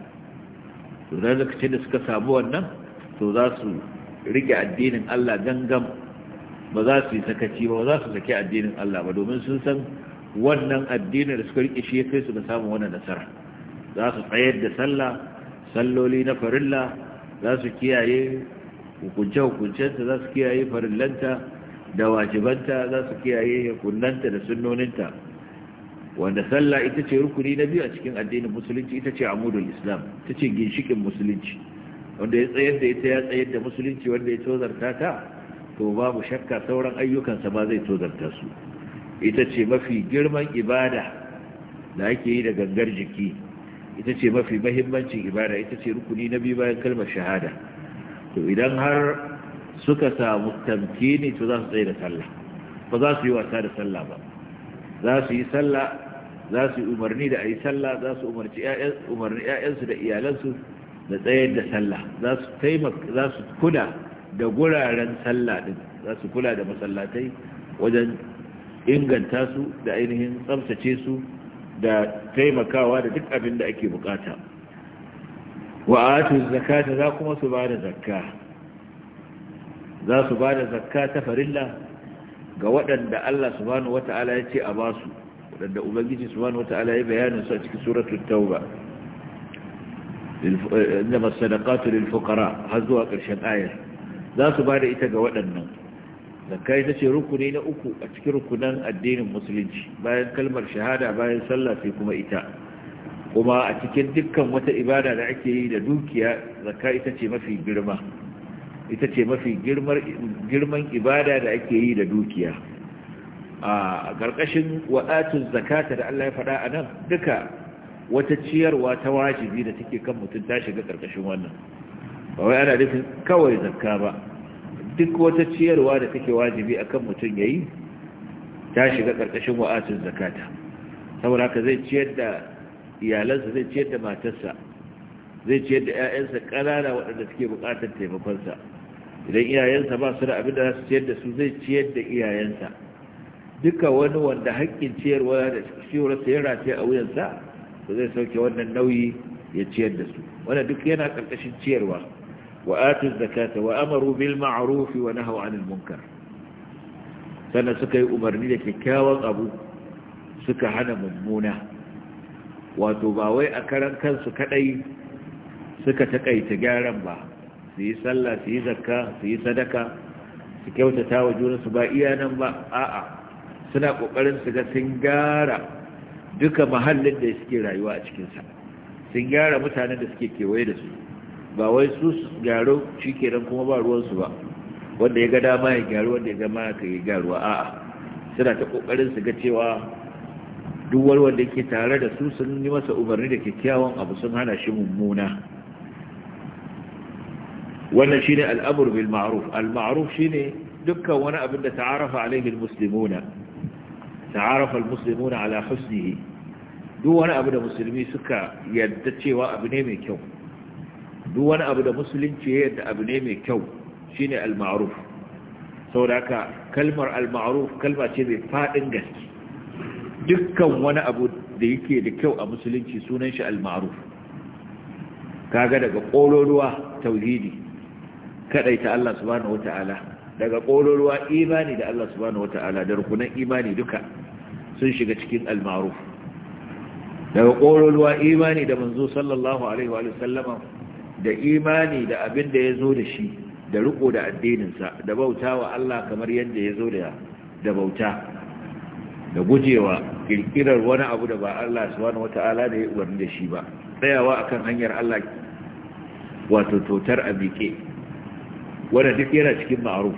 S1: to da ce da suka samu wannan to za su rike addinin Allah gangam ba za su yi sakaci ba za su saki addinin Allah ba domin sun san wannan addinin da suka rike shi ya kai su ga samun wannan nasara za su tsayar da sallah salloli na farilla za su kiyaye hukunce-hukuncenta za su kiyaye farillanta da wajibanta za su kiyaye hukunanta da sunnoninta wanda sallah ita ce rukuni na biyu a cikin addinin musulunci ita ce amudul islam ita ce ginshikin musulunci wanda ya tsayar da ita ya tsayar da musulunci wanda ya tozarta ta to babu shakka sauran ayyukansa ba zai tozarta su ita ce mafi girman ibada da ake yi da gangar jiki ita ce mafi mahimmancin ibada ita ce rukuni na biyu bayan kalmar shahada to idan har suka samu tamkini to za su tsaye da sallah ba za su yi wasa da sallah ba za su yi sallah za su yi umarni da a yi sallah za su umarci ‘ya'yansu da iyalansu da tsayar da sallah za su kula da guraren sallah din za su kula da masallatai wajen inganta su da ainihin tsamsace su da taimakawa da duk abin da ake bukata wa atu zakata za kuma su ba da zakka za su ba da zakka ta farilla ga waɗanda Allah subhanahu wata'ala ya ce a ba su waɗanda ubangiji subhanahu wata'ala ya bayanin su a cikin suratul tauba eh, inda masadaqatu lil fuqara har zuwa ƙarshen ayar za su ba da ita ga waɗannan zakka ita ce rukuni na uku a cikin rukunan addinin musulunci bayan kalmar shahada bayan sallah sai kuma ita kuma a cikin dukkan wata ibada da ake yi da dukiya zakka ita ce mafi girma ita ce mafi girman ibada da ake yi da dukiya a ƙarƙashin waɗatun zakata da Allah ya faɗa a nan duka wata ciyarwa ta wajibi da take kan mutum ta shiga ƙarƙashin wannan ba wai ana nufin kawai zakka ba duk wata ciyarwa da take wajibi akan mutum yayi ta shiga karkashin wa'atin zakata saboda haka zai ciyar da iyalansa zai ciyar da matarsa zai ciyar da 'ya'yansa ƙanana waɗanda suke buƙatar taimakonsa idan iyayensa ba su da abin da za su ciyar da su zai ciyar da iyayensa duka wani wanda haƙƙin ciyarwa da ciwarsa ya rataye a wuyansa ba zai sauke wannan nauyi ya ciyar da su wanda duk yana ƙarƙashin ciyarwa وآتوا الزكاة وأمروا بالمعروف ونهوا عن المنكر سنة سكي أمرني لك كاوان أبو سكهنا ممونة وتباوي أكران كان سكتي سكتكي تجارا با سي سلا سي زكا سي صدكا سكيوتا تاوجون سبائيانا با آآ سنة قرن سكا سنجارا duka mahallin da suke rayuwa a cikinsa sun gyara mutanen da suke kewaye da su ba wai su gyaru shi kenan kuma ba ruwansu ba wanda ya ga dama ya gyaru wanda ya ga ma ka yi gyaruwa a'a suna ta kokarin su ga cewa duk wani wanda yake tare da su sun yi masa umarni da kyakkyawan abu sun hana shi mummuna wannan shine al'amur bil ma'ruf al ma'ruf shine dukkan wani abin da ta'arafa alaihi al-muslimuna ta'arafa al-muslimuna ala husnihi duk wani abu da musulmi suka yadda cewa abu ne mai kyau duk wani abu da musulunci ya yadda abu ne mai kyau shine al-ma'ruf saboda haka kalmar al-ma'ruf kalma ce mai fadin gaske dukkan wani abu da yake da kyau a musulunci sunan shi al-ma'ruf kaga daga ƙololuwa tauhidi ta Allah subhanahu wataala daga ƙololuwa imani da Allah subhanahu wataala da rukunan imani duka sun shiga cikin al-ma'ruf daga ƙololuwa imani da manzo sallallahu alaihi wa sallama da imani da abin da ya zo da shi da riko da addininsa da bauta wa Allah kamar yadda ya zo da bauta da gujewa kirkirar wani abu da ba Allah subhanahu wata'ala da ya umarni da shi ba tsayawa akan hanyar Allah wato totar a miƙe wanda duk yana cikin ma'aruf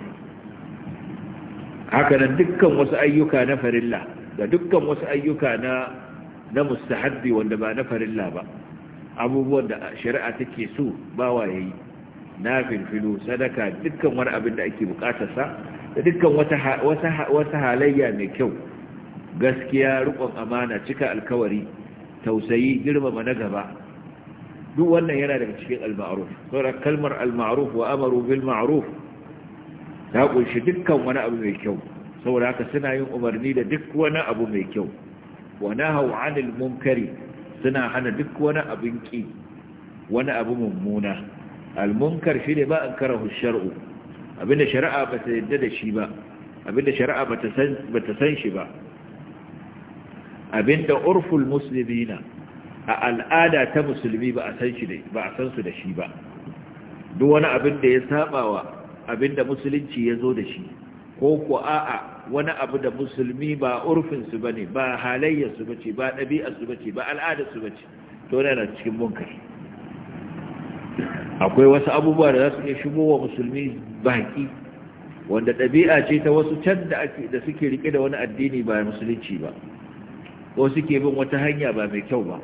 S1: haka nan dukkan wasu ayyuka na farilla da dukkan wasu ayyuka na na mustahabbi wanda ba na farilla ba abubuwan da shari'a take so bawa yayi na filfilo sadaka dukkan wani abin da ake bukatarsa da dukkan wata halayya mai kyau gaskiya rikon amana cika alkawari tausayi girmama na gaba duk wannan yana daga cikin al-ma'ruf saboda kalmar al-ma'ruf wa amaru bil ma'ruf ta kunshi dukkan wani abu mai kyau saboda haka suna yin umarni da duk wani abu mai kyau wa nahaw 'anil munkari suna hana duk wani abin ki, wani abu mummuna almunkar shi ne ba an kara hushar'u abinda shari'a ba ta yadda da shi ba abinda shari'a ba ta san shi ba abinda urful musulmina a al'ada ta musulmi ba a san su da shi ba duk wani abin da ya saba wa abinda musulunci ya zo da shi ko ko a'a wani abu da musulmi ba urfinsu ba ne ba halayyarsu ba ce ba ɗabi'arsu ba ce ba al'adarsu ba ce to yana cikin munkari akwai wasu abubuwa da za su iya shigo wa musulmi baki wanda ɗabi'a ce ta wasu can da suke riƙe da wani addini ba musulunci ba ko suke bin wata hanya ba mai kyau ba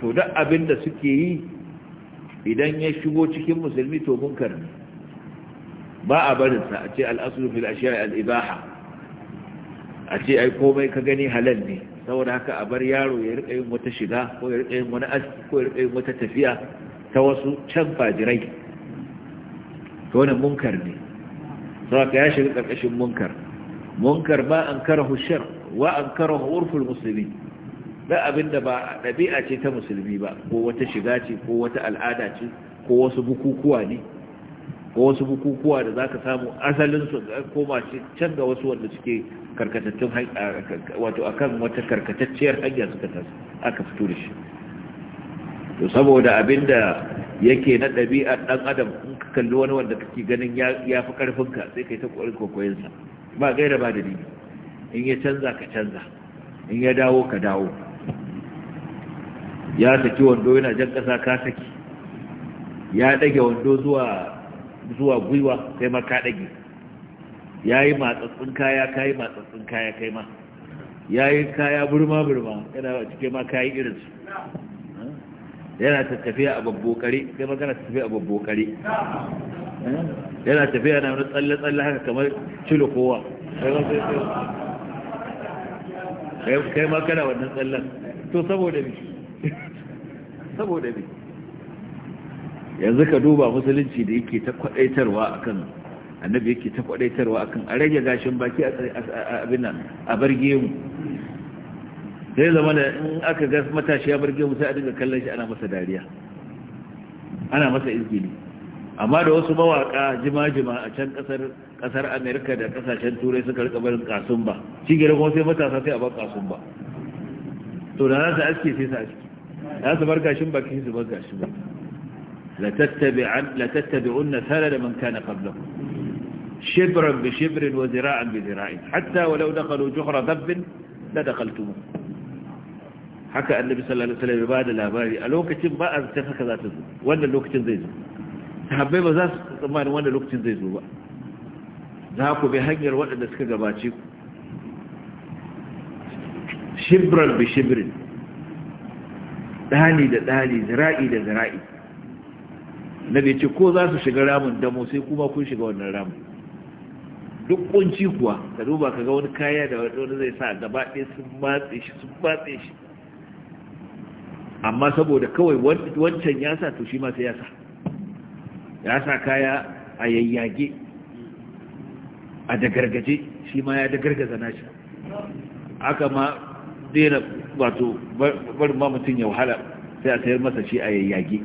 S1: to duk abin da suke yi idan ya shigo cikin musulmi to munkar ne ba a barinsa a ce al'asulu fil ashiya al'ibaha a ce ai komai ka gani halal ne saboda haka a bar yaro ya riƙa yin wata shiga ko ya riƙa yin wani aski ko ya riƙa yin wata tafiya ta wasu can fajirai to wani munkar ne saboda ya shiga ƙarƙashin munkar munkar ma an karahu shar wa an karahu urful muslimin da abinda ba ɗabi'a ce ta musulmi ba ko wata shiga ce ko wata al'ada ce ko wasu bukukuwa ne ko wasu bukukuwa da za ka samu asalinsu koma can ga wasu wanda suke karkatattun wato a kan wata karkatacciyar hanya suka aka fito da shi to saboda abin da yake na ɗabi'ar ɗan adam in ka kalli wani wanda kake ganin ya fi ƙarfinka sai ka yi ta ƙwarin kwakwayensa ba gaira ba da dini in ya canza ka canza in ya dawo ka dawo ya saki wando yana jan ƙasa ka saki ya ɗage wando zuwa zuwa gwiwa kai ma ka Ya yi matsatsun kaya ka yi matsatsun kaya kai ma yi kaya burma burma yana cike ma kayi irin su yana tafiya a babbokare kai ma kana tafiya a babbokare yana tafiya na wani tsalle tsalle haka kamar cilo kowa kai ma kana wannan tsallen to saboda bi [LAUGHS] saboda bi yanzu ka duba musulunci da yake ta kwadaitarwa akan annabi yake ta kwadaitarwa akan a rage gashin baki a abin nan a barge mu sai zama da in aka ga matashi ya barge mu sai a dinga kallon shi ana masa dariya ana masa izgili amma da wasu mawaka jima-jima a can kasar kasar amerika da kasashen turai suka rika barin kasun ba shi gida kuma sai matasa sai a bar kasun ba to da nasa aski aske sai sa
S3: aske
S1: za su bar gashin baki su bar gashin baki لتتبعن ثلث من كان قبلكم شبرا بشبر وذراعا بذراع حتى ولو دخلوا جحر ذب لدخلتموه haka annabi sallallahu alaihi wasallam ba da labari a lokacin ba a zaton haka wannan lokacin zai zo sahabbai ba za su tsammanin wannan lokacin zai zo ba za ku bi hanyar waɗanda suka gabace ku shibran bi shibrin da da Na ce ko za su shiga ramin damo sai kuma kun shiga wannan ramin duk kunci kuwa ka duba ka ga wani kaya da wani zai sa gaba ɗaya sun matse shi sun matse shi amma saboda kawai wancan ya sa to shi ma sai ya sa ya sa kaya a yayyage a dagargaje shi ma ya dagargaza shi aka ma daina wato barin ma mutum ya wahala sai a sayar masa shi a yayyage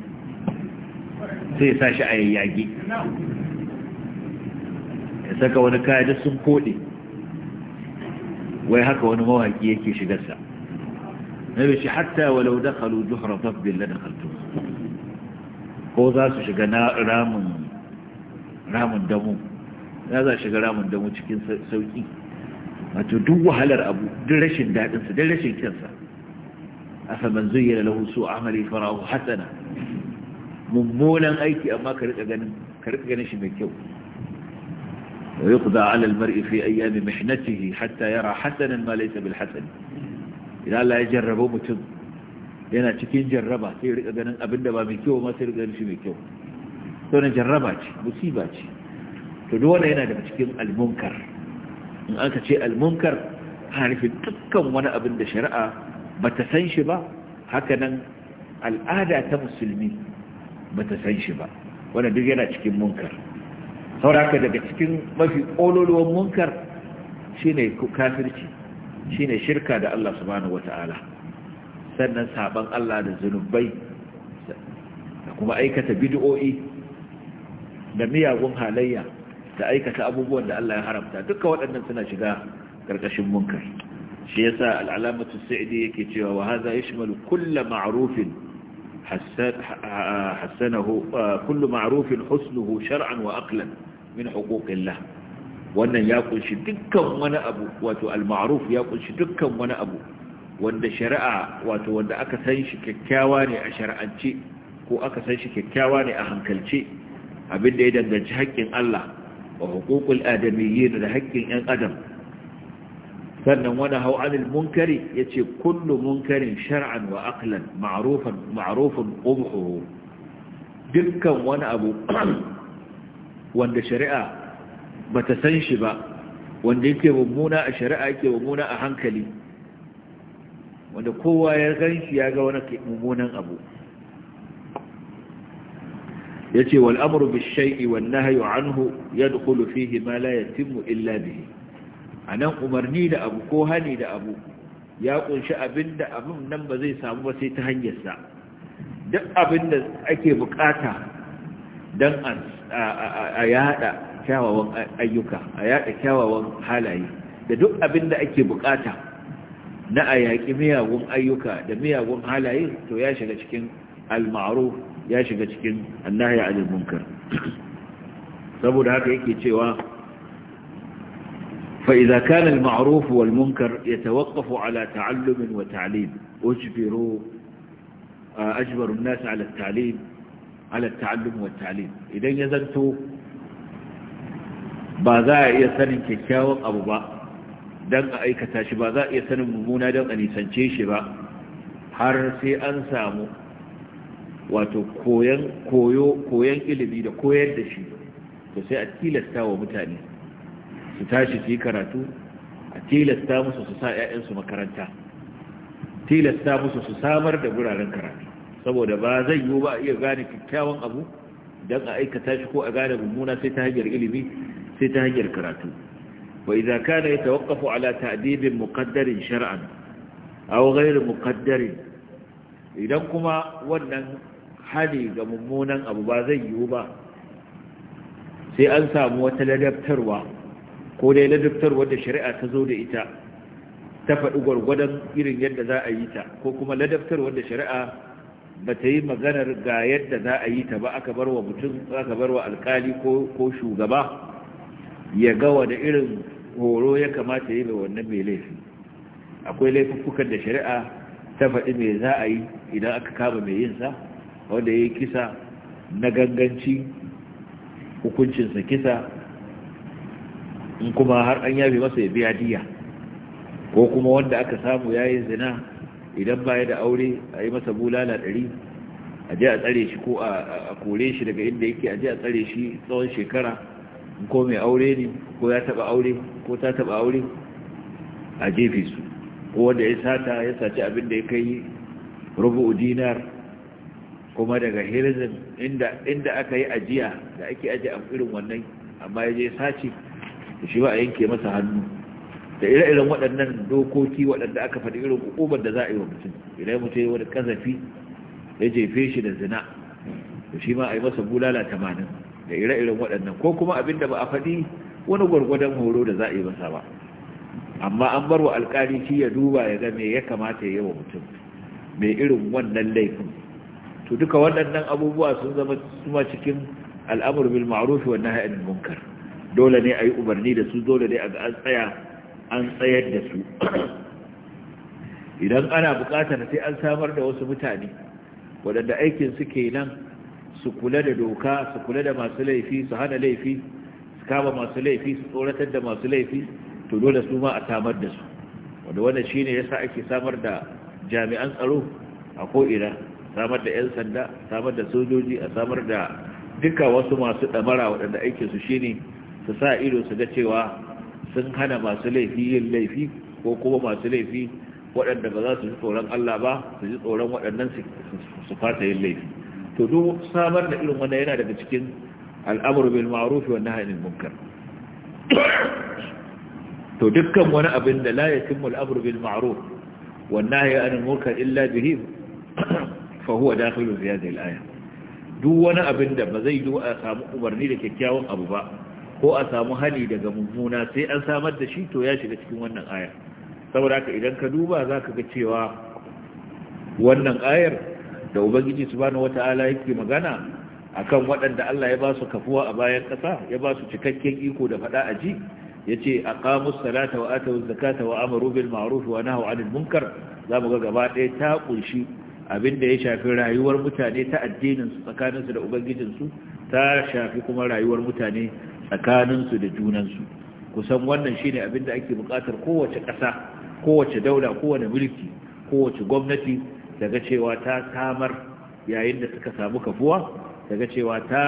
S1: sai sa shi a yayyage ya saka wani kaya duk sun kode wai haka wani mawaƙi yake shigarsa na bishi hatta walau da kalu juhra babbin lada kaltu ko za su shiga na ramin damu ya za shiga ramin damu cikin sauki wato duk wahalar abu duk rashin daɗinsa duk rashin kyansa asa man zuyyana lahu su amali farahu hasana mummunan aiki amma ka rika ganin shi mai kyau wa yuqda 'ala al-mar'i fi ayyami mihnatihi hatta yara hasanan ma laysa bil hasan idan Allah ya jarraba mutum yana cikin jarraba sai rika ganin abinda ba mai kyau ma sai rika ganin shi mai kyau to ne jarraba ce musiba ce to duk wanda yana da cikin almunkar. In an ka ce almunkar, munkar ana nufin dukkan wani abin da shari'a bata san shi ba haka nan al'ada ta musulmi bata san shi ba wanda duk yana cikin munkar sauraka daga cikin mafi ƙololuwan munkar shine kafirci shine shirka da Allah subhanahu wata'ala sannan saban Allah da zunubai da kuma aikata bid'o'i da miyagun halayya da aikata abubuwan da Allah ya haramta duka waɗannan suna shiga ƙarƙashin munkar shi yasa al'alamatu sa'idi yake cewa wa hadha yashmalu kull ma'rufin hassanahu kullu ma'rufin husnuhu shar'an wa aqlan min huquqillah wannan ya kunshi dukkan wani abu wato al-ma'ruf ya kunshi dukkan wani abu wanda shari'a wato wanda aka sanshi kyakkyawa ne a shari'ance ko aka san kyakkyawa ne a abinda ya danganci haƙƙin Allah wa huququl da haƙƙin 'yan adam sannan wani hau anil munkari ya ce kullum munkarin shar'an wa aqlan ma'arufin ƙumhuru dukkan wani abu [CLEARS THROAT] wanda shari'a ba ta san shi ba wanda yake mummuna a shari'a yake mummuna a hankali wanda kowa ya ganshi ya ga wani mummunan abu ya ce wal'amuru bishai'i wannan hayo anhu ya dukulu fihi ma la yatimmu illa bihi a nan umarni da abu ko hani da abu ya kunshi abin da abin nan ba zai samu ba sai ta hanyarsa duk abin da ake bukata don a yada kyawawan ayyuka a yada kyawawan halaye da duk abin da ake bukata na a yaƙi miyagun ayyuka da miyagun halaye to ya shiga cikin almaru ya shiga cikin annahya alil munkar saboda haka yake cewa فإذا كان المعروف والمنكر يتوقف على تعلم وتعليم أجبروا أجبر الناس على التعليم على التعلم والتعليم إذا يزنتوا بذا يسن كيكاو أبو با دم أيكتا شبا ذا يسن ممونا دم أن يسنشي شبا حرسي أنسامو wato koyon koyo koyon ilimi da koyar da shi to sai a tilasta wa mutane su tashi su yi karatu a tilasta musu su sa 'ya'yansu makaranta tilasta musu su samar da guraren karatu saboda ba zai yiwu ba a iya gane kyakkyawan abu don a aikata shi ko a gane mummuna sai ta hanyar ilimi sai ta hanyar karatu wa idza kana yatawaqqafu ala ta'dibin muqaddarin shar'an aw ghayr muqaddarin idan kuma wannan hali ga mummunan abu ba zai yiwu ba sai an samu wata ladabtarwa ko dai duktar wadda shari'a ta zo da ita ta faɗi gwargwadon irin yadda za a yi ta ko kuma duktar wadda shari'a ba ta yi maganar ga yadda za a yi ta ba aka bar wa mutum za ka bar wa alkali ko shugaba ya ga wani irin horo ya kamata yi mai wannan mai laifi akwai laifuffukan da shari'a ta faɗi mai za a yi idan aka kama mai yinsa wanda ya yi kisa na ganganci hukuncinsa kisa in kuma har an yabe masa ya biya diya ko kuma wanda aka samu ya yi zina idan baya da aure a yi masa bulala ɗari a je a tsare shi ko a kore shi daga inda yake a je a tsare shi tsawon shekara ko mai aure ne ko ya taɓa aure ko ta taɓa aure a jefe su ko wanda ya sata ya saci abin da ya kai rubu dinar kuma daga hirzin inda aka yi ajiya da ake ajiye a irin wannan amma ya je sace shi ba a yanke masa hannu da ire-iren waɗannan dokoki waɗanda aka faɗi irin hukumar da za a yi wa mutum idan mutum ya wani kazafi ya jefe shi da zina da shi ma a yi masa bulala tamanin da ire-iren waɗannan ko kuma abin da ba a faɗi wani gwargwadon horo da za a yi masa ba amma an bar wa alƙali shi ya duba ya ga me ya kamata ya yi wa mutum mai irin wannan laifin to duka waɗannan abubuwa sun zama cikin al'amur bil ma'ruf wa nahy anil munkar dole ne a yi umarni da su dole ne a ga an tsaya an tsayar da su idan ana bukatar sai an samar da wasu mutane waɗanda aikin su ke nan su kula da doka su kula da masu laifi su hana laifi su kama masu laifi su tsoratar da masu laifi to dole su ma a samar da su wanda shi ne yasa ake samar da jami'an tsaro a ko'ina samar da 'yan sanda samar da sojoji a samar da duka wasu masu ɗamara waɗanda aikinsu shi ne su sa ido su ga cewa sun hana masu laifi yin laifi ko kuma masu laifi waɗanda ba za su ji tsoron Allah ba su ji tsoron waɗannan su fata yin laifi to duk samar da irin wannan yana daga cikin al'amuru bil ma'ruf wa nahyi anil munkar to dukkan wani abin da la yatimmu al'amru bil ma'ruf wa nahyi anil munkar illa bihi fa huwa dakhilun fi hadhihi al-aya duk wani abin da ba zai yi a samu umarni da kyakkyawan abu ba ko a samu hani daga mummuna sai an samar da shi to ya shiga cikin wannan ayar saboda haka idan ka duba za ka ga cewa wannan ayar da ubangiji subhanahu wata'ala yake magana akan waɗanda Allah ya ba su kafuwa a bayan ƙasa ya ba su cikakken iko da faɗa a ji ya ce a kamus salata wa ata zakata wa amaru bil ma'ruf wa nahu anil munkar za mu ga gaba ɗaya ta ƙunshi abinda ya shafi rayuwar mutane ta addinin su tsakaninsu da ubangijinsu ta shafi kuma rayuwar mutane tsakaninsu da junansu kusan wannan shine abin da ake buƙatar kowace ƙasa kowace daula kowane mulki kowace gwamnati daga cewa ta samar yayin da suka samu kafuwa daga cewa ta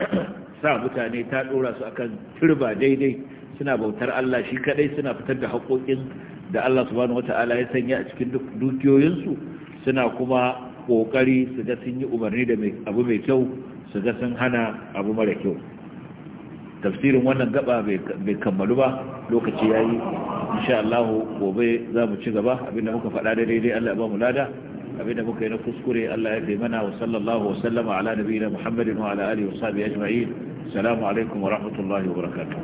S1: [CLEARS THROAT] sa mutane ta ɗora su akan turba daidai suna bautar Allah shi kadai suna fitar da haƙoƙin da Allah subhanahu wata'ala ya sanya a cikin dukiyoyinsu suna kuma ƙoƙari su ga sun yi umarni da abu mai kyau su ga sun hana abu mara kyau tafsirin wannan gaba bai kammalu ba lokaci ya yi insha allahu gobe za mu ci gaba abinda muka faɗa da daidai Allah ba mu lada abinda muka yi na kuskure Allah ya fi mana wa sallallahu wa sallama ala nabiyina Muhammadin wa ala alihi wa sahbihi ajma'in assalamu alaikum wa rahmatullahi wa
S2: barakatuh